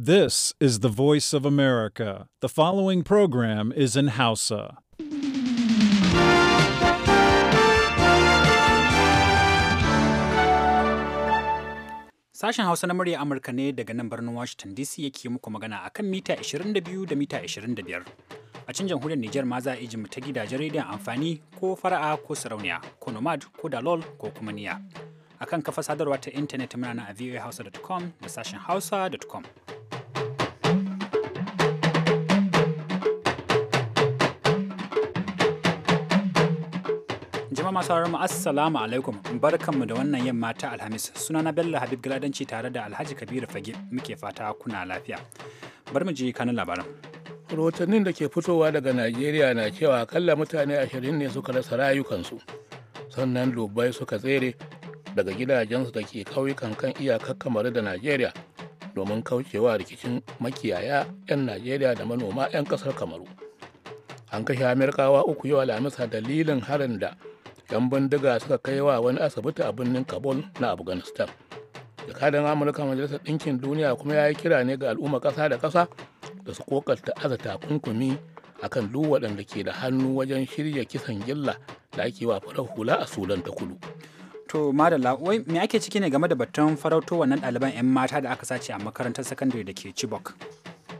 This is the voice of America. The following program is in Hausa. Sashen Hausa na murya Amurka ne daga nan birnin Washington DC yake muku magana akan mita 22 da mita 25. A can jamhuriyar Nijar ma za a iji ta gidajen rediyon amfani ko fara'a ko sarauniya ko nomad ko dalol ko kuma niya. Akan kafa sadarwa ta intanet muna na a voahausa.com da sashen hausa.com. jama'a masu mu assalamu alaikum barkanmu da wannan yamma ta alhamis sunana bello habib galadanci tare da alhaji kabiru fage muke fata kuna lafiya bar mu ji kanin labaran rahotannin da ke fitowa daga najeriya na cewa akalla mutane ashirin ne suka rasa rayukansu sannan dubai suka tsere daga gidajensu da ke kauyukan kan iyakar kamar da najeriya domin kaucewa rikicin makiyaya 'yan najeriya da manoma 'yan kasar kamaru an kashe amirkawa uku yau alhamis a dalilin harin da 'yan bindiga suka kai wa wani asibiti a birnin kabul na afghanistan jakadan amurka majalisar ɗinkin duniya kuma ya yi kira ne ga al'umma ƙasa da ƙasa da su kokarta aza takunkumi akan duk waɗanda ke da hannu wajen shirya kisan gilla da ake wa farar hula a sudan ta kudu to madalla wai me ake ciki ne game da batun farauto wannan ɗaliban 'yan mata da aka sace a makarantar sakandare da ke chibok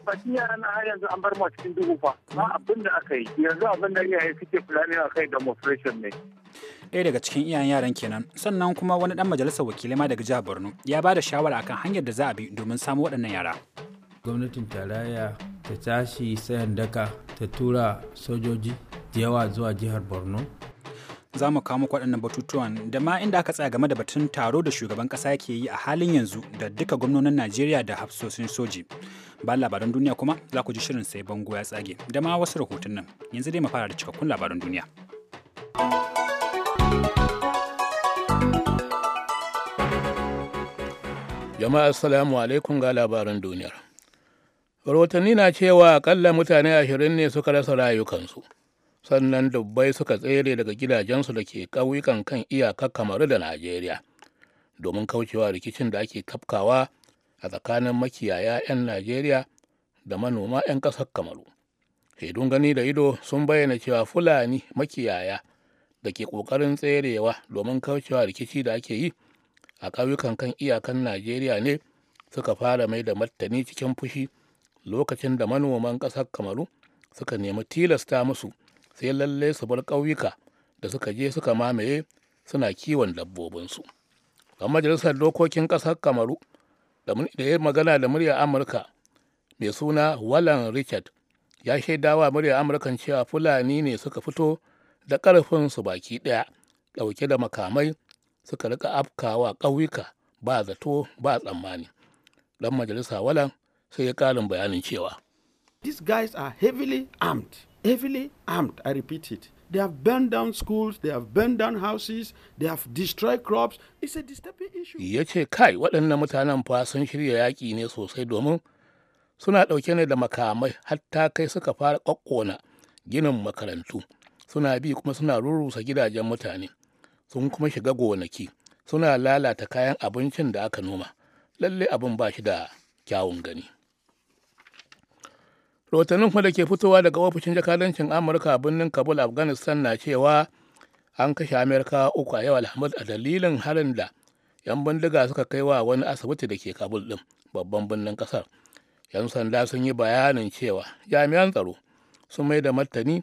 demokradiyya na har yanzu an bar mu cikin duhu fa ma abin da aka yi yanzu abin da iyaye suke fulani a kai demonstration ne ɗaya daga cikin iyayen yaran kenan sannan kuma wani dan majalisar wakilai ma daga jihar borno ya ba da shawara akan hanyar da za a bi domin samu waɗannan yara gwamnatin tarayya ta tashi sayan daka ta tura sojoji da yawa zuwa jihar borno za mu kawo muku waɗannan batutuwan da ma inda aka tsaya game da batun taro da shugaban ƙasa ke yi a halin yanzu da duka gwamnonin Najeriya da hafsoshin soji. Ba labaran duniya kuma za ku ji shirin sai bango ya tsage da ma wasu rahoton nan. Yanzu dai mu fara da cikakkun labaran duniya. Jama'a assalamu alaikum ga labaran duniyar. Rahotanni na cewa akalla mutane ashirin ne suka rasa rayukansu. sannan dubbai suka tsere daga gidajensu da ke ƙauyukan kan iyaka kamaru da najeriya domin kaucewa rikicin da ake kafkawa a tsakanin makiyaya 'yan najeriya da manoma 'yan ƙasar kamaru shaidun gani da ido sun bayyana cewa fulani makiyaya da ke ƙoƙarin tserewa domin kaucewa rikici da ake yi a ƙauyukan kan iyakan najeriya ne suka fara mai da martani cikin fushi lokacin da manoman ƙasar kamaru suka nemi tilasta musu sai lalle su bar ƙauyuka da suka je suka mamaye suna kiwon dabbobinsu a majalisar dokokin ƙasar kamaru da ya magana da muryar amurka mai suna walan richard ya shaidawa muryar amurkan cewa fulani ne suka fito da ƙarfinsu baki ɗaya ɗauke da makamai suka rika afkawa ƙauyuka ba zato ba tsammani dan majalisa walan sai ya ƙarin bayanin cewa these guys are heavily armed heavily armed. I repeat it. They have burned down schools, they have burned down houses, they have destroyed crops. It's a disturbing issue. Ya ce kai waɗannan mutanen fa sun shirya yaƙi ne sosai domin suna ɗauke ne da makamai hatta kai suka fara ƙwaƙƙona ginin makarantu. Suna bi kuma suna rurusa gidajen mutane. Sun kuma shiga gonaki. Suna lalata kayan abincin da aka noma. Lalle abin ba shi da kyawun gani. rahotannin kuma da ke fitowa daga ofishin jakadancin amurka a birnin kabul afghanistan na cewa an kashe amurka uku a yau alhamis a dalilin harin da yan bindiga suka kai wa wani asibiti da ke kabul din babban birnin kasar yan sanda sun yi bayanin cewa jami'an tsaro sun mai da martani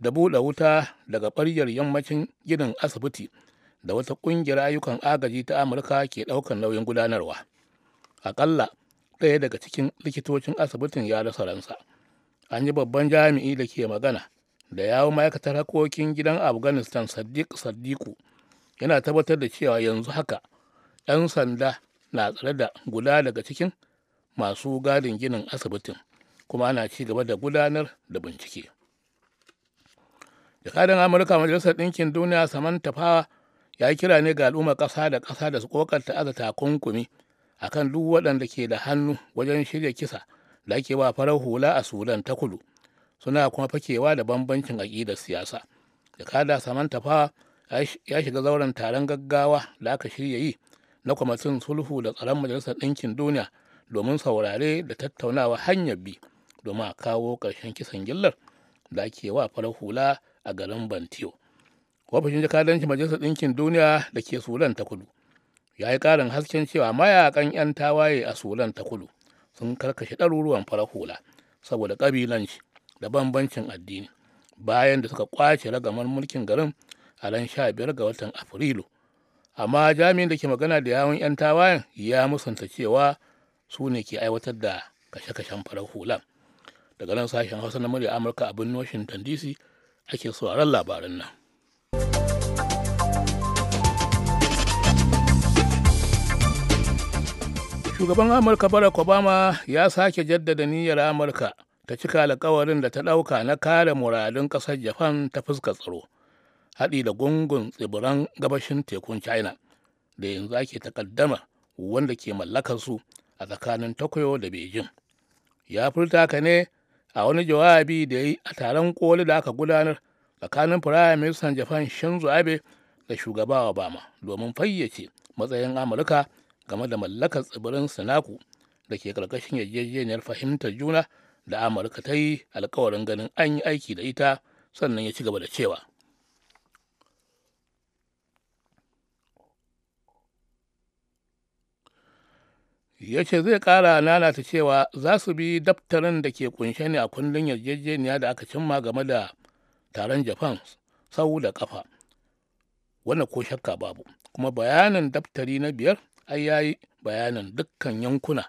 da buɗe wuta daga ɓaryar yammacin ginin asibiti da wata ƙungiyar ayyukan agaji ta amurka ke ɗaukar nauyin gudanarwa aƙalla ɗaya daga cikin likitocin asibitin ya rasa ransa an yi babban jami'i da ke magana da yawon ma'aikatar harkokin gidan afghanistan sadiq sadiku yana tabbatar da cewa yanzu haka 'yan sanda na tsare da guda daga cikin masu gadin ginin asibitin kuma ana ci gaba da gudanar da bincike jakadan amurka majalisar ɗinkin duniya saman tafawa ya kira ne ga al'ummar ƙasa da ƙasa da su ƙoƙarta aza takunkumi akan duk waɗanda ke da hannu wajen shirya kisa da ake wa farar hula a sudan ta kudu suna kuma fakewa da bambancin aƙidar siyasa jakada kada samanta fa ya shiga zauren taron gaggawa da aka shirya yi na kwamitin sulhu da tsaron majalisar ɗinkin duniya domin saurare da tattaunawa hanyar bi domin a kawo ƙarshen kisan gillar da ake wa farar hula a garin bantiyo ofishin jakadancin majalisar ɗinkin duniya da ke sudan ta kudu ya yi ƙarin hasken cewa mayakan 'yan tawaye a sudan ta kudu sun karkashe ɗaruruwan farar hula saboda ƙabilanci da bambancin addini bayan da suka kwace ragamar mulkin garin a ran sha biyar ga watan afrilu amma jami'in da ke magana da yawon 'yan tawayen ya musanta cewa su ne ke aiwatar da kashe-kashen farar hula daga nan sashen hausa na murya amurka a birnin washington dc ake sauraron labaran nan shugaban amurka barack obama ya sake jaddada niyyar amurka ta cika alkawarin da ta ɗauka na kare muradun ƙasar japan ta fuska tsaro haɗi da gungun tsibiran gabashin tekun china da yanzu ake takaddama wanda ke mallakar su a tsakanin tokyo da beijing ya furta ka ne a wani jawabi da ya yi a taron koli da aka gudanar tsakanin firayim ministan japan shinzo abe da shugaba obama domin fayyace matsayin amurka game da mallakar tsibirin sinaku da ke karkashin yarjejeniyar fahimtar juna da amurka ta yi alkawarin ganin an yi aiki da ita sannan ya ci gaba da cewa ya ce zai kara nanata cewa za su bi daftarin da ke kunshe ne a kundin yarjejeniya da aka cimma game da taron japan sau da kafa wannan ko shakka babu kuma bayanin daftari na biyar ai ya yi bayanin dukkan yankuna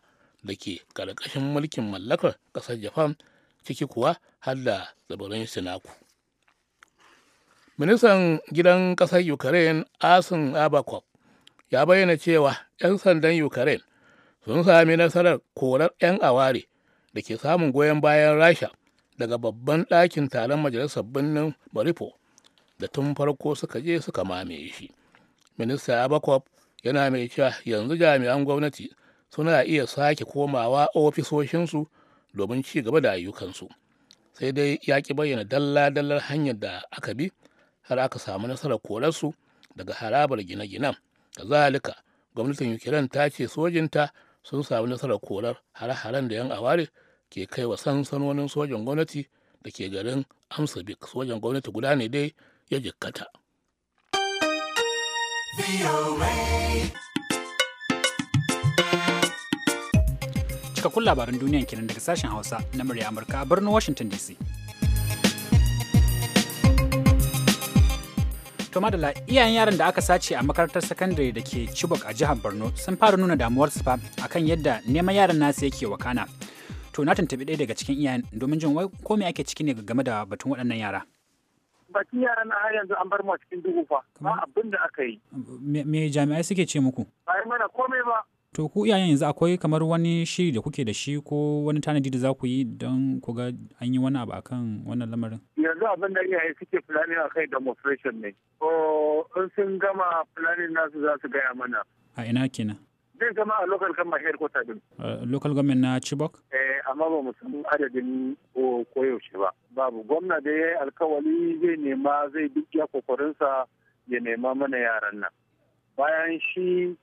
da ke ƙarƙashin mulkin mallakar ƙasar japan ciki kuwa har da tsibirin sinaku ministan gidan kasar ukraine asin abakov ya bayyana cewa 'yan sandan ukraine sun sami nasarar korar 'yan aware da ke samun goyon bayan rasha daga babban ɗakin taron majalisar birnin maripo da tun farko suka je suka mamaye shi minista abakov yana mai cewa yanzu jami'an gwamnati suna iya sake komawa ofisoshinsu domin ci gaba da ayyukansu sai dai ya ki bayyana dalla-dallar hanyar da aka bi har aka samu nasarar korarsu daga harabar gine-ginen kazalika gwamnatin ukraine ta ce sojinta sun samu nasarar korar har haren da yan aware ke kai wa sansanonin sojan gwamnati da ke garin amsabik sojan gwamnati guda ne dai ya jikkata Cikakkun duniya duniyan kenan daga sashen Hausa na murya Amurka a birnin Washington DC. madala iyayen yaran da aka sace a makarantar sakandare da ke Chibok a jihar Borno sun fara nuna damuwarsu fa kan yadda neman yaran nasu yake wakana. To na tuntubi ɗaya daga cikin iyayen domin jin wai ko me ake ciki ne game da batun waɗannan yara. bakin yara na har yanzu an bar mu a cikin duhu fa ba abin da aka yi me jami'ai suke ce muku ba yi mana komai ba to ku iyayen yanzu akwai kamar wani shiri da kuke da shi ko wani tanadi da za ku yi don ku ga an yi wani abu akan wannan lamarin yanzu abin da iyaye suke a kai demonstration ne ko in sun gama fulani nasu za su gaya mana a ina kenan zai zama a local government headquarter din. Eh, local government na Chibok? Eh, amma ba musamman adadin koyaushe ba. Babu gwamna da ya yi alkawali zai nema zai duk ya kokorinsa ya nema mana yaran nan. Bayan shi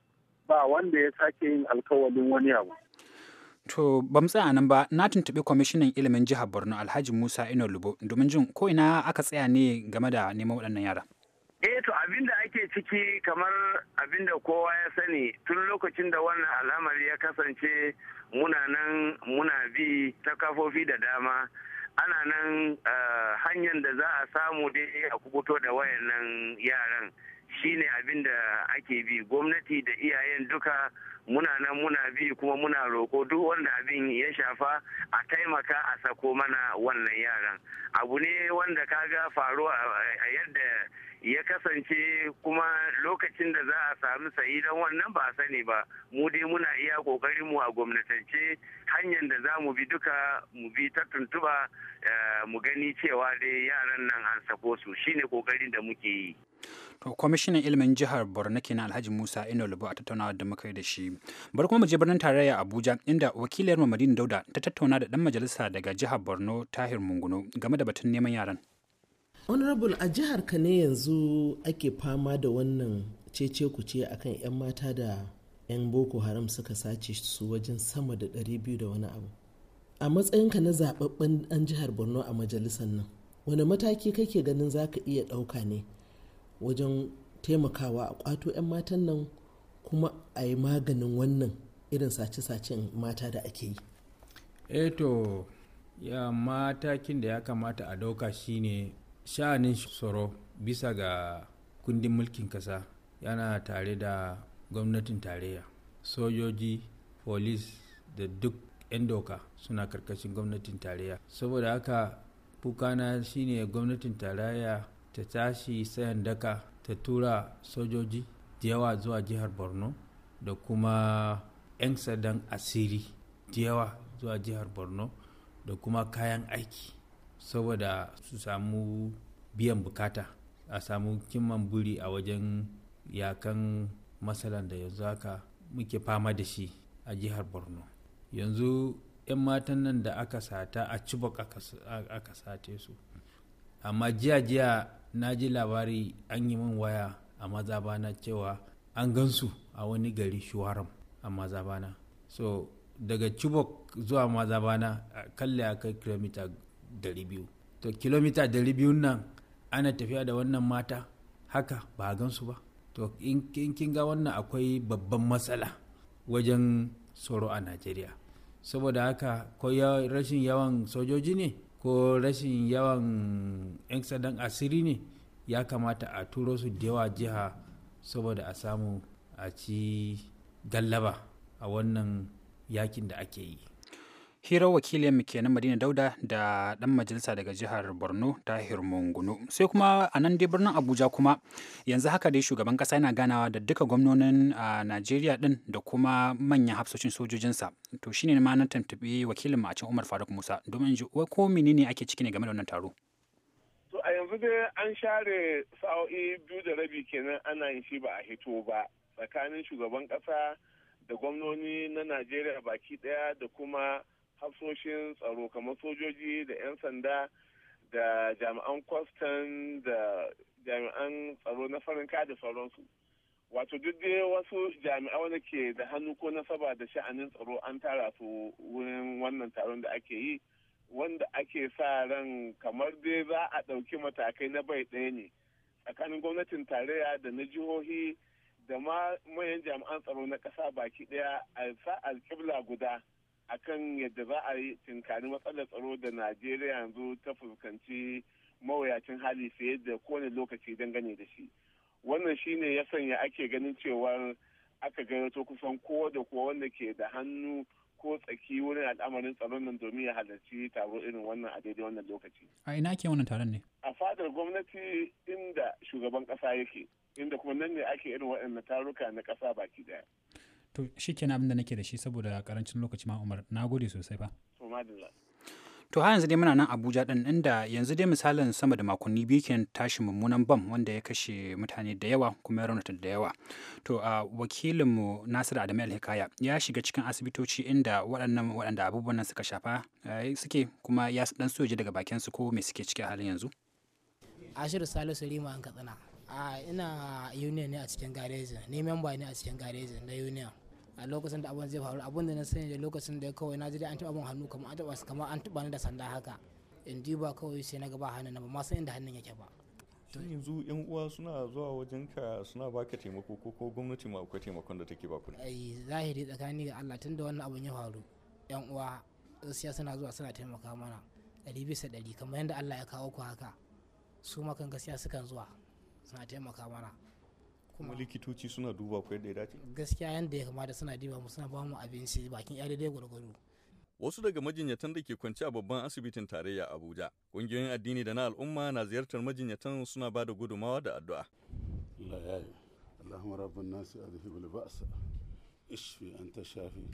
ba wanda ya sake yin alkawalin wani abu. To, ba mu tsaya nan ba, na tuntuɓi kwamishinan ilimin jihar Borno Alhaji Musa Ino Lubo domin jin ko ina aka tsaya ne game da neman waɗannan yara. Eh to abin da ake ciki kamar abin da kowa ya sani tun lokacin da wannan al'amari ya kasance muna nan muna bi ta kafofi da dama ana nan eh, hanyar da za a samu dai a kubuto da wayannan yaran. shine abin da ake bi gwamnati da iyayen duka muna nan muna bi kuma muna roko duk wanda abin ya shafa a taimaka a sako mana wannan yaran abu ne wanda kaga faru a yadda ya kasance kuma lokacin da za a sami sayi don wannan ba a sani ba mu dai muna iya kokarin mu a gwamnatance hanyar da za mu bi duka mu bi ta tuntuba eh, mu gani cewa dai yaran nan an sako su shine kokarin da muke yi To kwamishinan ilimin jihar Borno kenan Alhaji Musa lubu a tattaunawa da muka yi da shi. Bari kuma mu je birnin tarayya Abuja inda wakilar mu Madina Dauda ta tattauna da dan majalisa daga jihar Borno Tahir Munguno game da batun neman yaran. Honorable a jihar ka ne yanzu ake fama da wannan cece ce akan 'yan mata da 'yan Boko Haram suka sace su wajen sama da ɗari biyu da wani abu. A matsayinka na zababben dan jihar Borno a majalisar nan, wani mataki kake ganin zaka iya ɗauka ne wajen taimakawa a kwato 'yan matan nan kuma a yi maganin wannan irin sace-sacen mata da ake yi eto eh ya matakin da ya kamata a dauka shine sha'anin tsoro bisa ga kundin mulkin kasa yana tare da gwamnatin tarayya sojoji polis da duk 'yan doka suna karkashin gwamnatin tarayya saboda haka kukana shine gwamnatin tarayya ta tashi tsayin daka ta tura sojoji da yawa zuwa jihar borno da kuma 'yan sadan asiri da yawa zuwa jihar borno da kuma kayan aiki saboda su samu biyan bukata a samu kimman buri a wajen yakan matsalan da yanzu haka muke fama da shi a jihar borno yanzu 'yan matan nan da aka sata a cibok aka sace su amma jiya jiya na ji labari an yi min waya a mazabana cewa an gansu a wani gari shuwaram a mazabana so daga chibok zuwa mazabana kalle a kai kilomita 200 to kilomita 200 nan ana tafiya da wannan mata haka ba a gansu ba to in kin ga wannan akwai babban matsala wajen tsoro a najeriya saboda haka ko rashin yawan sojoji ne ko rashin yawan 'yan sadan asiri ne ya kamata a turo su da yawa jiha saboda a samu a ci gallaba a wannan yakin da ake yi Hirar mu kenan Madina Dauda da dan majalisa daga jihar Borno Tahir Mungunu. Sai kuma a nan dai birnin Abuja kuma yanzu haka dai shugaban ƙasa yana ganawa da duka gwamnonin a Najeriya din da kuma manyan hafsoshin sojojinsa. To shine ma na tantabi wakilin mu a can Umar Faruk Musa domin ji ko menene ake ciki ne game da wannan taro. To a yanzu dai an share sa'o'i biyu da rabi kenan ana yin shi ba a hito ba tsakanin shugaban ƙasa da gwamnoni na Najeriya baki ɗaya da kuma hafsoshin tsaro kamar sojoji da 'yan sanda da jami'an kwastan da jami'an tsaro na farin da sauransu wato duk dai wasu jami'a wanda ke da hannu ko nasaba da sha'anin tsaro an tara su wurin wannan taron da ake yi wanda ake sa ran kamar dai za a ɗauki matakai na bai ɗaya ne tsakanin gwamnatin tarayya da na jihohi da ma manyan jami'an tsaro na ƙasa baki ɗaya a sa alƙibla guda akan yadda za a yi tinkari matsalar tsaro da najeriya yanzu ta fuskanci mawuyacin hali fiye da kowane lokaci dangane da shi wannan shine ya sanya ake ganin cewa aka gayyato kusan kowa da kowa wanda ke da hannu ko tsaki wurin al'amarin tsaron nan domin ya halarci taro irin wannan a daidai wannan lokaci. A ina ke wannan taron ne? A fadar gwamnati inda shugaban kasa yake, inda kuma nan ne ake irin waɗannan taruka na kasa baki daya. to shi kenan abin da nake da shi saboda karancin lokaci ma umar na gode sosai fa to har yanzu dai muna nan abuja din inda yanzu dai misalin sama da makonni biyu kenan tashi mummunan bam wanda ya kashe mutane da yawa kuma ya raunata da yawa to a mu nasiru adamu alhikaya ya shiga cikin asibitoci inda waɗannan waɗanda abubuwan nan suka shafa eh, suke kuma ya dan soje daga bakin su ko me suke ciki a halin yanzu ashiru salisu rima an katsina a ina union ne a cikin garejin ne memba ne a cikin garejin na union a lokacin da abun zai faru abun da na sani da lokacin da kawai na ji dai an taɓa min hannu kamar an taɓa su kamar an taba ni da sanda haka in ba kawai sai na gaba hannun ba ma san inda hannun yake ba tun yanzu yan uwa suna zuwa wajen ka suna baka taimako ko ko gwamnati ma akwai taimakon da take baku ai zahiri tsakani ga Allah tun da wannan abun ya faru yan uwa gaskiya suna zuwa suna taimaka mana ɗari bisa ɗari kamar yadda Allah ya kawo ku haka su makan gaskiya sukan zuwa suna taimaka mana kuma likitoci suna duba ko yadda ya dace gaskiya yanda ya kamata suna diba mu suna bamu mu abinci bakin ya dai gwargwaro wasu daga majinyatan da ke kwance a babban asibitin tarayya abuja ƙungiyoyin addini da na al'umma na ziyartar majinyatan suna ba da gudumawa da addu'a allahumma nasi adhibul ba'sa ishfi anta shafi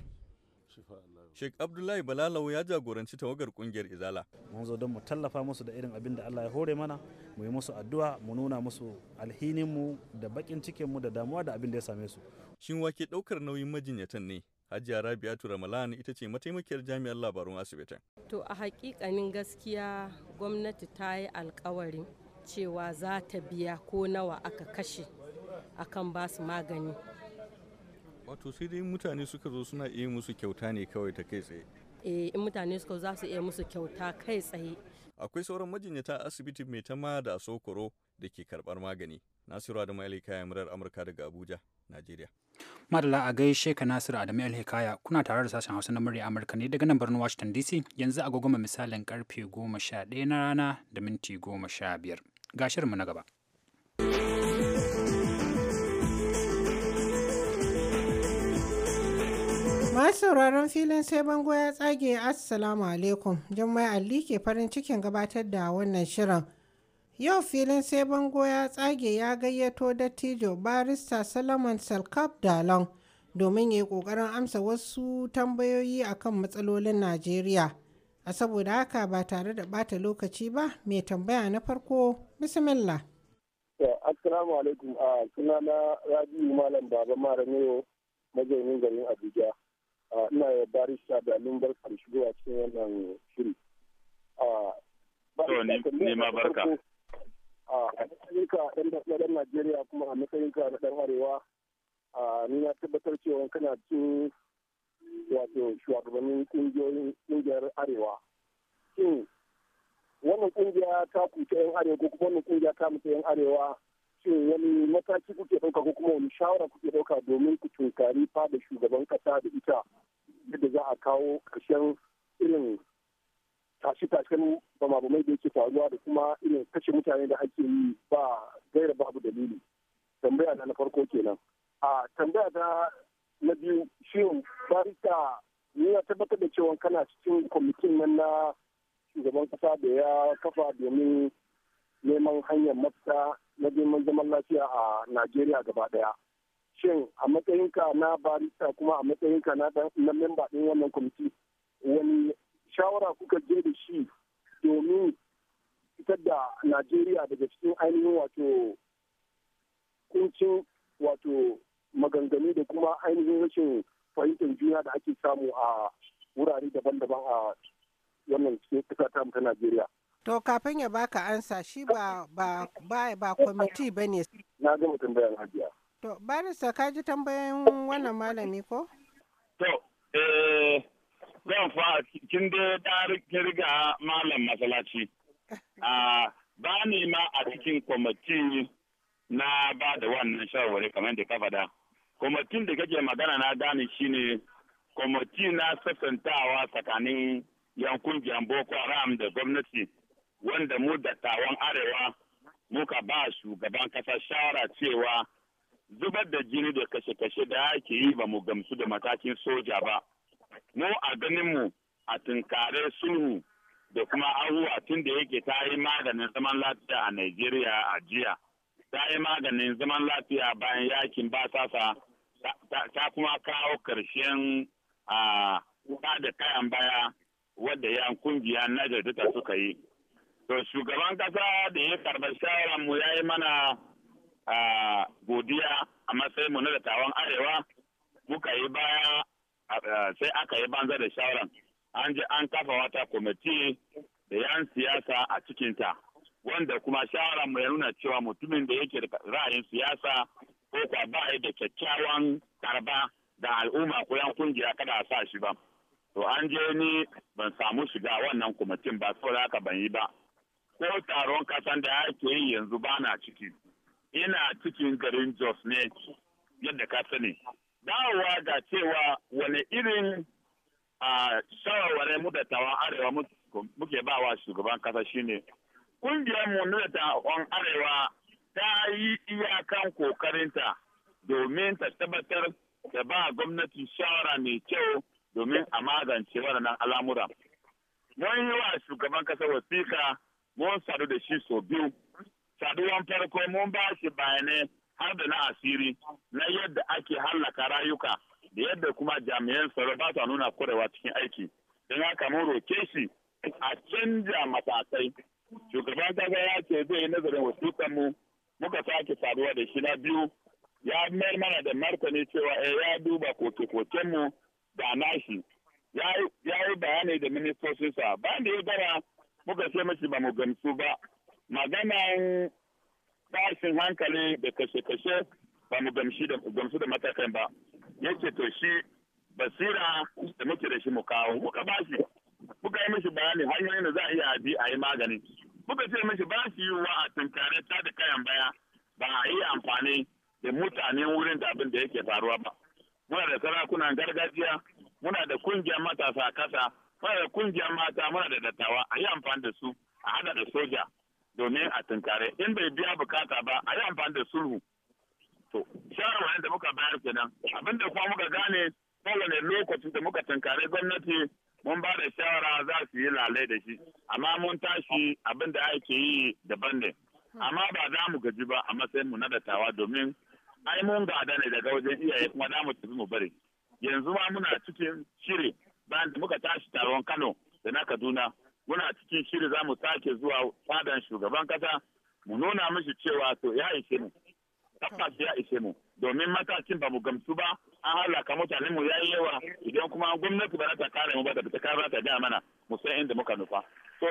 Sheikh Abdullahi Balalau ya jagoranci tawagar kungiyar Izala. Mun zo don mu tallafa musu da irin abin da Allah ya hore mana, mu yi musu addu'a, mu nuna musu mu da bakin mu da damuwa da abin da ya same su. Shin wake daukar nauyin majinyatan ne? Hajiya tura Ramalan ita ce mataimakiyar jami'ar labarun asibitin. To a hakikanin gaskiya gwamnati ta yi alkawarin cewa za ta biya ko nawa aka kashe akan basu magani. wato sai dai mutane suka zo suna iya musu kyauta ne kawai ta kai tsaye eh in mutane suka za su iya musu kyauta kai tsaye akwai sauran majinyata asibiti mai tama da sokoro da ke karbar magani nasiru adamu alhikaya murar amurka daga abuja najeriya madala a gaishe ka nasiru adamu alhikaya kuna tare da sashen hausa na murya amurka ne daga nan birnin washington dc yanzu a agogoma misalin karfe goma sha ɗaya na rana da minti goma sha biyar ga na gaba Masu sauraron filin sai bango ya tsage Assalamu alaikum. Jummai Ali ke farin cikin gabatar da wannan shirin. Yau filin sai bango ya tsage ya gayyato dattijo barista salaman Salkaf Dalon domin ya yi ƙoƙarin amsa wasu tambayoyi akan matsalolin Najeriya. A saboda haka ba tare da bata lokaci ba, mai tambaya na farko, Bismillah. Assalamu alaikum a na Rabi'u Malam Baba Maramewo mazaunin garin Abuja. Ah, ina ya barista da lingar karshe a cikin wannan shiri. Ah, to ne ma barka. Ah, a matsayinka ɗan ɗan Najeriya kuma a matsayinka na ɗan Arewa ni na tabbatar cewa kana cikin wato shugabannin ƙungiyoyin ƙungiyar Arewa. Shin wannan ƙungiya ta kuce 'yan Arewa ko kuma wannan ƙungiya ta mutu 'yan Arewa shin wani mataki kuke ɗauka ko kuma wani shawara kuke ɗauka domin ku tunkari fada shugaban kasa da ita yadda za a kawo ƙarshen irin tashe-tashen bamabamai da yake faruwa da kuma irin kashe mutane da ake yi ba gaira babu dalili tambaya na na farko kenan a tambaya ta na biyu shin barista ni ya tabbatar da cewa kana cikin kwamitin nan na shugaban kasa da ya kafa domin neman hanyar mafita na neman zaman lafiya a Najeriya gaba daya. Shin a matsayinka na barista kuma a matsayinka na na memba ɗin wannan kwamiti wani shawara kuka je da shi domin fitar da Najeriya daga cikin ainihin wato kuncin wato maganganu da kuma ainihin rashin fahimtar juna da ake samu a wurare daban-daban a wannan cikin ƙasa ta Najeriya. To kafin ya baka ansa shi ba ba ba ba kwamiti ba ne. Na ga mutum bayan hajiya. To barista ka ji tambayan wannan malami ko? To eh zan fa kin da ta riga malam masallaci. A ba ni ma a cikin kwamiti na ba da wannan shawarwari kamar da ka faɗa. Kwamitin da kake magana na gane shine kwamiti na sassantawa tsakanin yankun Jambo Haram da gwamnati. wanda mu dattawan arewa muka ba shugaban kasa shara cewa zubar da jini da kashe-kashe da ake yi ba mu gamsu da matakin soja ba. Mu a ganinmu a tunkarar sulhu da kuma abubuwa tun da yake ta yi maganin zaman lafiya a Najeriya a jiya. Ta yi maganin zaman lafiya bayan yakin ba sasa ta kuma kawo karshen ah, a da kayan baya wadda yan kungiya na suka yi. To shugaban kasa da ya karɓar shawara mu ya yi mana godiya a matsayin mu na dattawan arewa muka yi baya sai aka yi banza da shawara an je an kafa wata kwamiti da yan siyasa a cikinta wanda kuma shawara mu ya nuna cewa mutumin da yake da ra'ayin siyasa ko kwa ba da kyakkyawan karba da al'umma ko yan kungiya kada a sa shi ba to an je ni ban samu shiga wannan kwamitin ba saboda haka ban yi ba ko taron kasan da ake yi yanzu ba na ciki ina cikin garin jos ne yadda ka sani dawowa ga cewa wani irin a shawarware mu da arewa muke ba wa shugaban kasa shine ƙungiyar mu na tawan arewa ta yi iyakan kokarinta domin ta tabbatar da ba gwamnati shawara mai kyau domin a magance waɗannan al'amura. Mun yi wa shugaban kasa wasiƙa mun sadu da shi so biyu saduwan farko mun ba shi bayanai har da na asiri na yadda ake hallaka rayuka da yadda kuma jami'an tsaro ba ta nuna kwarewa cikin aiki don haka mun roke shi a canja matakai shugaban kasa ya ce zai yi nazarin wasiƙan mu muka sake saduwa da shi na biyu ya mayar mana da martani cewa eh ya duba koke-koken mu da nashi ya yi bayani da ministocinsa bayan da ya gara muka ce mashi ba mu gamsu ba maganan tashin hankali da kashe-kashe ba mu gamsu da matakan ba ya ce to shi basira da muke da shi mu kawo muka ba shi muka yi mashi bayani hanyoyin da za a iya bi a yi magani muka ce mashi ba shi yi wa a tunkare ta da kayan baya ba a yi amfani da mutane wurin da abin da yake faruwa ba muna da sarakunan gargajiya muna da kungiyar matasa kasa fara da mata muna da dattawa a yi amfani da su a hada da soja domin a tunkare in bai biya bukata ba a yi amfani da sulhu to shawarwarin da muka bayar kenan abinda kuma muka gane kowane lokacin da muka tunkare gwamnati mun ba da shawara za su yi lalai da shi amma mun tashi abin da ake yi daban ne amma ba za mu gaji ba a matsayin mu na dattawa domin ai mun gada ne daga wajen iyaye kuma za mu tafi mu bari yanzu ma muna cikin shiri bayan da muka tashi taron Kano da na Kaduna muna cikin shiri za mu sake zuwa fadan shugaban kasa mu nuna mishi cewa to ya ishe mu tabbas ya ishe mu domin matakin ba mu gamsu ba an halaka mutanen mu yayi yawa idan kuma gwamnati ba ta kare mu ba da ta kare ta da mana mu san inda muka nufa to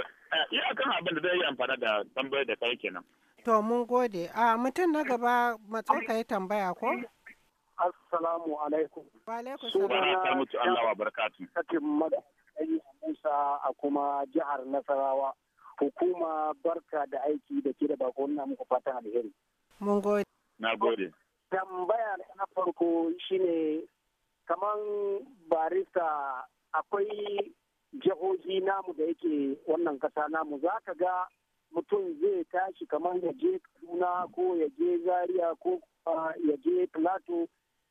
eh, kan abin da zai yi amfana da tambayar da kai kenan to mun gode a ah, mutum na gaba matsoka ya tambaya ko Assalamu alaikum. Wa alaikum salam. Allah wa barakatu. Sakin Musa a kuma jihar Nasarawa. Hukuma barka da aiki da ke da bako na muku fatan alheri. Mun gode. Na gode. Tambaya na farko shine kaman barista akwai jihohi namu da yake wannan kasa namu za ka ga mutum zai tashi kamar ya je kaduna ko ya je zaria ko ya je plateau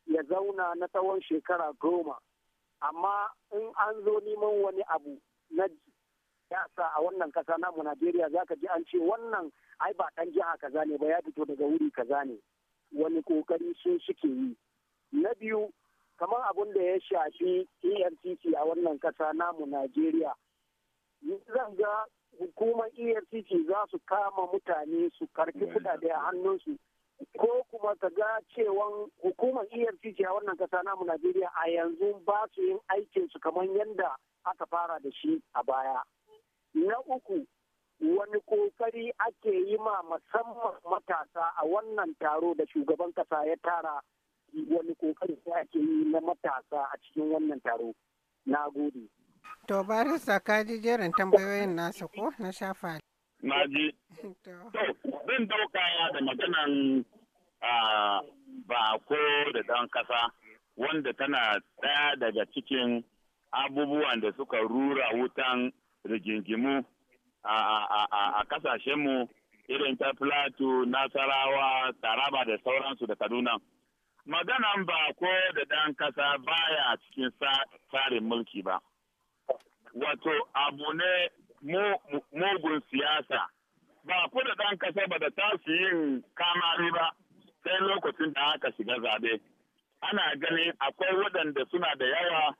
ya zauna na tsawon shekara goma amma in an zo neman wani abu na yasa a wannan kasa namu najeriya ka ji an ce wannan ai ba ɗan jiha kaza ne ba ya fito daga wuri kaza ne wani kokari sun suke yi na biyu kamar abun da ya shafi efcc a wannan kasa namu najeriya zan ga hukumar efcc za su kama mutane su karfi kudade a hannunsu ko kuma ka ga cewan hukumar efcc a wannan kasa namu najeriya a yanzu ba su yin aikinsu kamar yadda aka fara da shi a baya na uku wani kokari ake yi ma musamman matasa a wannan taro da shugaban kasa ya tara wani kokari sai ake yi na matasa a cikin wannan taro na gode to barista ka ji jerin tambayoyin nasa ko na shafa na ji zan dauka da maganan bako da ɗan ƙasa wanda tana ɗaya daga cikin abubuwan da suka rura wutan rigingimu a ƙasashenmu irin ta Plateau, Nasarawa, Taraba da sauransu da Kaduna. Maganan bako da ɗan ƙasa baya cikin tsarin mulki ba. Wato abu ne mugun siyasa ba ku da ɗan kasa ba da tashi yin kamari ba sai lokacin da aka shiga zabe. Ana ganin akwai waɗanda suna da yawa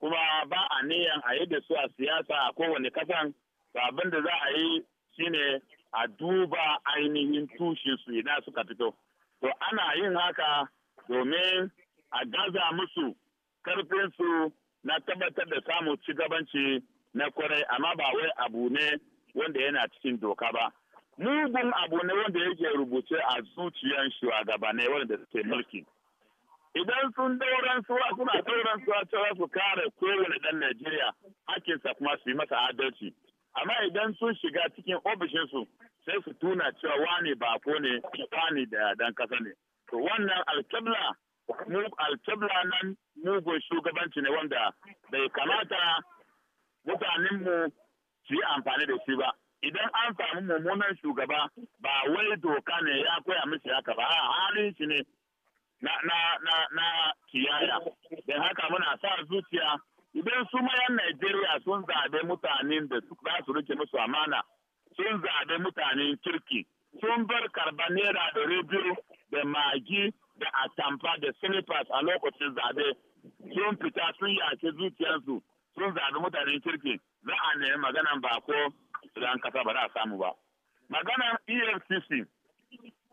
kuma ba a niyan a yi da su a siyasa a kowane kasan abin da za a yi shine a duba ainihin su ina suka fito. To ana yin haka domin a gaza musu karfinsu na tabbatar da samun cigabanci na kwarai amma ba wai abu ne wanda yana cikin doka ba mugun abu ne wanda yake rubuce a zuciyar shugabanni wanda suke mulki idan sun dauran suwa suna dauran suwa cewa su kare kowane dan Najeriya hakinsa kuma su yi masa adalci amma idan sun shiga cikin ofishinsu sai su tuna cewa wani bako ne wani da dan kasa ne to wannan alkebla alkebla nan mugun shugabanci ne wanda bai kamata mutanenmu su yi amfani da shi ba idan an samu mummunan shugaba ba wai doka ne ya koya mishi haka ba halin shi ne na na kiyaya don haka muna sa zuciya idan su mayan Najeriya sun zaɓe mutanen da ba su rike musu amana sun zaɓe mutanen kirki sun bar karba naira da rediyo da magi da atamfa da silipas a lokacin zaɓe sun fita sun yace zuciyarsu sun zaɓi mutanen kirki za a nemi magana ba ko idan kasa ba za a samu ba. Maganan EFCC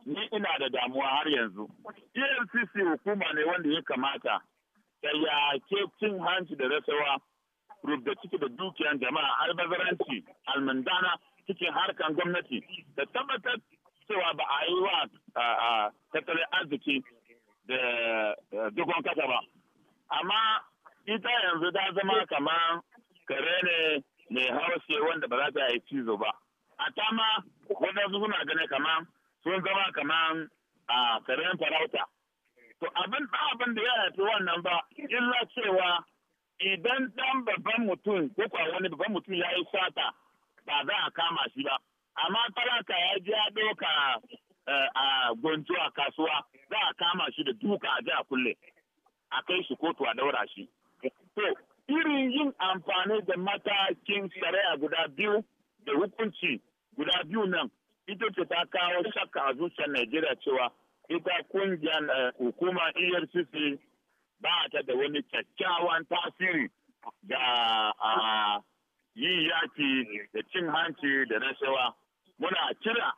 ni ina da damuwa har yanzu. EFCC hukuma ne wanda ya kamata ta yake cin hanci da rasawa rubda ciki da dukiyan jama'a bazaranci almandana cikin harkan gwamnati da tabbatar cewa ba a yi wa tattalin arziki da dogon kasa ba. Amma ita yanzu ta zama eh. kamar kare ne mai haushe wanda ba za ta yi cizo ba. A ta ma su suna gane kamar sun zama kamar a karen farauta. To abin ba abin da ya haifi wannan ba illa cewa idan dan babban mutum ko kwa wani babban mutum ya yi sata ba za a kama shi ba. Amma talaka ya ji ado ka a gonjo a kasuwa za a kama shi da duka a ji a kulle. A kai shi kotu a daura shi. To, irin yin amfani da matakin shari'a guda biyu da hukunci guda biyu nan, ita ce ta kawo shakka a zuciyar Najeriya cewa ita kungiyar eh, hukuma ERCC ba ta da wani kyakkyawan tasiri ga yiyaki yaki da cin hanci da rashawa. Muna kira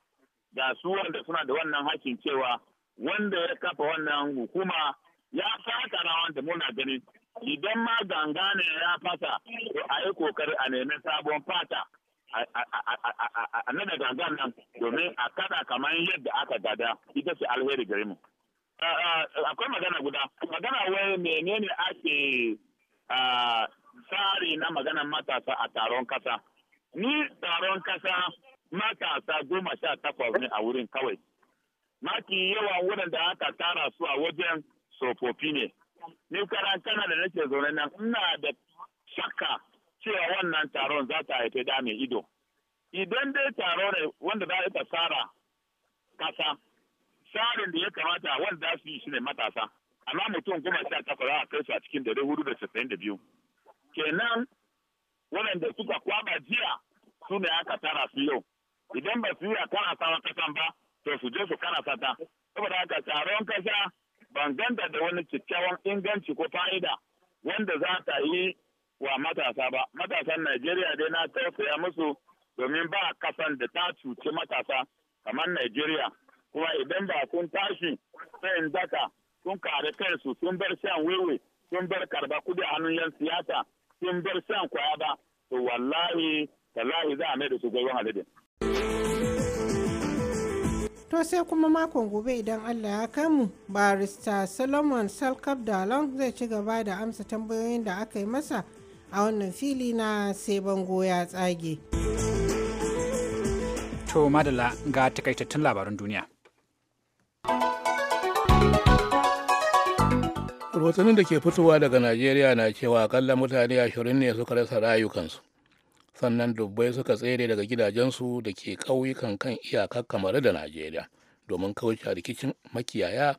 ga su wanda suna da wannan hakin cewa wanda ya kafa wannan hukuma ya saka rawan da muna gani idan ma ganga ne ya fata a yi kokari a nemi sabon fata a nada gangan nan domin a kada kamar yadda aka gada ita ce alheri gare mu akwai magana guda magana wai menene ake tsari na magana matasa a taron kasa ni taron kasa matasa goma sha takwas ne a wurin kawai maki yawan waɗanda aka tara su a wajen tsofaffi ne ni karantana da nake zaune nan ina da shakka cewa wannan taron za ta haifi da mai ido idan dai taro ne wanda za ta tsara kasa tsarin da ya kamata wanda za su yi shi ne matasa amma mutum goma sha takwas za a kai su a cikin dare hudu da casa'in da biyu kenan waɗanda suka kwaba jiya su ne aka tara su yau idan ba su yi a karasa kasan ba to su je su karasa ta saboda haka taron kasa ban ganta da wani kyakkyawan inganci ko fa'ida wanda za ta yi wa matasa ba matasan najeriya dai na tausaya musu domin ba kasan da ta cuci matasa kamar najeriya kuma idan ba sun tashi sai daka sun kare kansu sun bar shan wewe sun bar karba kudi a hannun yan siyasa sun bar shan kwaya ba to wallahi tallahi za a mai da su goyon halidin. To sai kuma makon gobe idan Allah ya kai barista Solomon Salkab Dalon zai ci gaba da amsa tambayoyin da aka yi masa a wannan fili na sai bango ya tsage. To madala ga takaitattun labarin duniya. Rahotannin da ke fitowa daga Najeriya na cewa akalla mutane ashirin ne suka rasa rayukansu. sannan dubbai suka tsere daga gidajensu da ke ƙauyukan kan iyakar kamaru da najeriya domin kauce rikicin makiyaya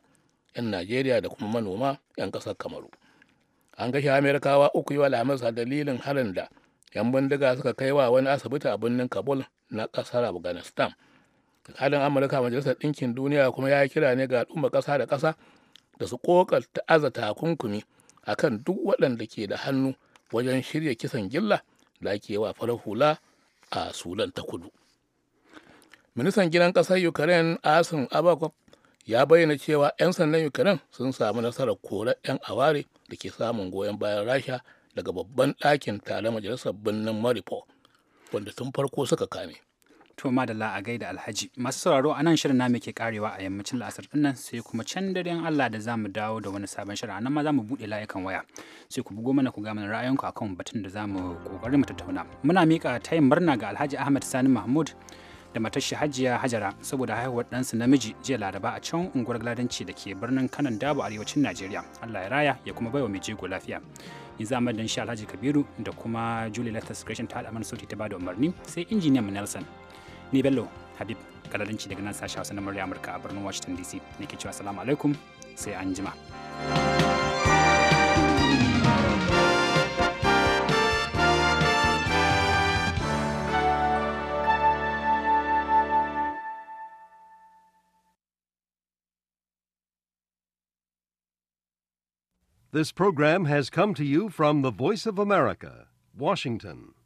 'yan najeriya da kuma manoma 'yan ƙasar kamaru an kashe amerikawa uku yi alhamis a dalilin harin da 'yan bindiga suka kai wa wani asibiti a birnin kabul na kasar afghanistan halin amurka majalisar ɗinkin duniya kuma ya kira ne ga al'umma ƙasa da ƙasa da su ƙoƙarta aza takunkumi akan duk waɗanda ke da hannu wajen shirya kisan gilla da ake wa farar hula a sudan ta kudu ministan gidan ƙasar ukraine asim abakov ya bayyana cewa 'yan sandan ukraine sun samu nasarar korar 'yan aware da ke samun goyon bayan rasha daga babban ɗakin tare majalisar birnin maripo wanda tun farko suka kame To madalla a gaida alhaji. Masu sauraro a nan shirin namu ke karewa a yammacin la'asar dinnan sai kuma can daren Allah da zamu dawo da wani sabon shirin anan ma za mu buɗe layukan waya. Sai ku bugo mana ku ga mana ra'ayanku akan batun da zamu mu kokari mu tattauna. Muna mika tayin murna ga Alhaji Ahmad Sani Mahmud da matashi Hajiya Hajara saboda haihuwar ɗansu namiji jiya Laraba a can unguwar Gladanci da ke birnin Kanan Dabo arewacin Najeriya. Allah ya raya ya kuma baiwa mai jego lafiya. za mu dan shi Alhaji Kabiru da kuma Julie latas Gresham ta al'amarin sauti ta bada umarni sai injiniyan Nelson ni bello habib daga nan sashi hausa na murya amurka a birnin washington dc cewa salamu alaikum sai an jima. This program has come to you from the Voice of America, Washington.